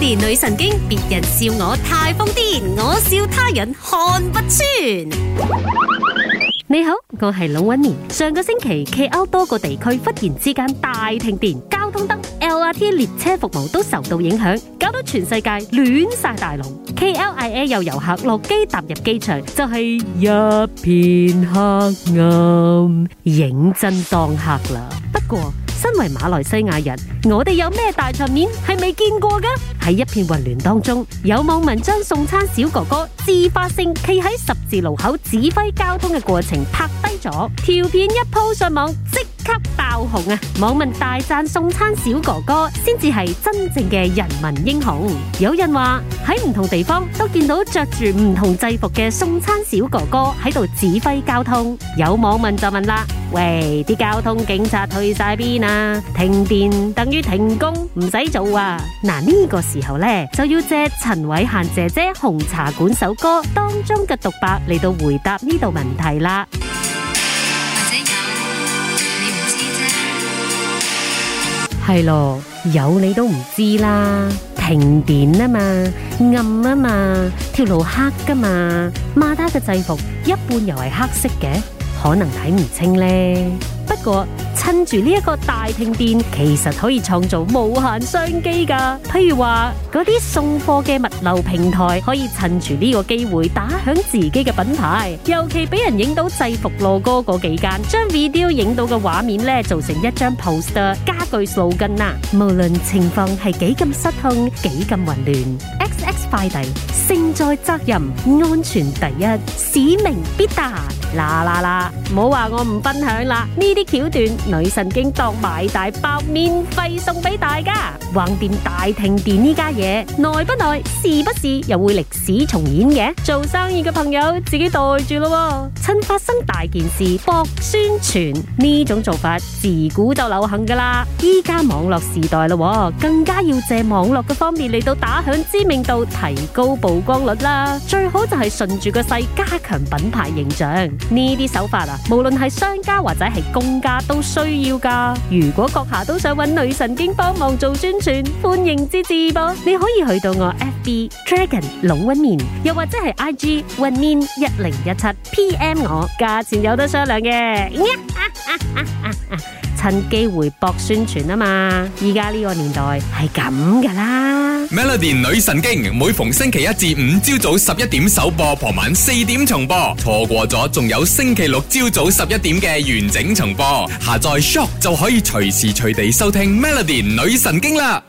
電女神經，別人笑我太瘋癲，我笑他人看不穿。你好，我係龍紋敏。上個星期，KL 多個地區忽然之間大停電，交通燈、L R T 列車服務都受到影響，搞到全世界亂晒大龍。K L I A 有遊客落機踏入機場，就係一片黑暗，認真當客啦。不過。身為馬來西亞人，我哋有咩大場面係未見過噶？喺一片混亂當中，有網民將送餐小哥哥自發性企喺十字路口指揮交通嘅過程拍低咗，條片一鋪上網即。級爆紅啊！網民大讚送餐小哥哥，先至係真正嘅人民英雄。有人話喺唔同地方都見到着住唔同制服嘅送餐小哥哥喺度指揮交通。有網民就問啦：喂，啲交通警察去晒邊啊？停電等於停工，唔使做啊！嗱，呢個時候呢，就要借陳慧嫻姐姐姐《紅茶館》首歌當中嘅獨白嚟到回答呢度問題啦。係咯，有你都唔知啦！停電啊嘛，暗啊嘛，條路黑噶嘛，馬達嘅制服一半又係黑色嘅，可能睇唔清呢。不過趁住呢一個大停電，其實可以創造無限商機噶。譬如話嗰啲送貨嘅物流平台，可以趁住呢個機會打響自己嘅品牌。尤其俾人影到制服 logo 嗰幾間，將 video 影到嘅畫面咧，做成一張 poster 句數根啊！無論情況係幾咁失控，幾咁混亂，X X 快遞勝在責任、安全第一，使命必達。嗱嗱嗱，唔好話我唔分享啦！呢啲橋段，女神經當買大包免費送俾大家。橫掂大停電呢家嘢，耐不耐，是不是又會歷史重演嘅？做生意嘅朋友自己袋住咯，趁發生大件事博宣傳呢種做法，自古就流行噶啦。依家網絡時代咯，更加要借網絡嘅方面嚟到打響知名度，提高曝光率啦。最好就係順住個勢加強品牌形象。呢啲手法啊，無論係商家或者係公家都需要噶。如果閣下都想揾女神經幫忙做宣傳，歡迎支持噃。你可以去到我 FB Dragon Long Woman，又或者係 IG winnin 一零一七 PM 我，價錢有得商量嘅。 趁機會博宣傳啊嘛！依家呢個年代係咁噶啦。Melody 女神經每逢星期一至五朝早十一點首播，傍晚四點重播。錯過咗仲有星期六朝早十一點嘅完整重播。下載 Shock 就可以隨時隨地收聽 Melody 女神經啦。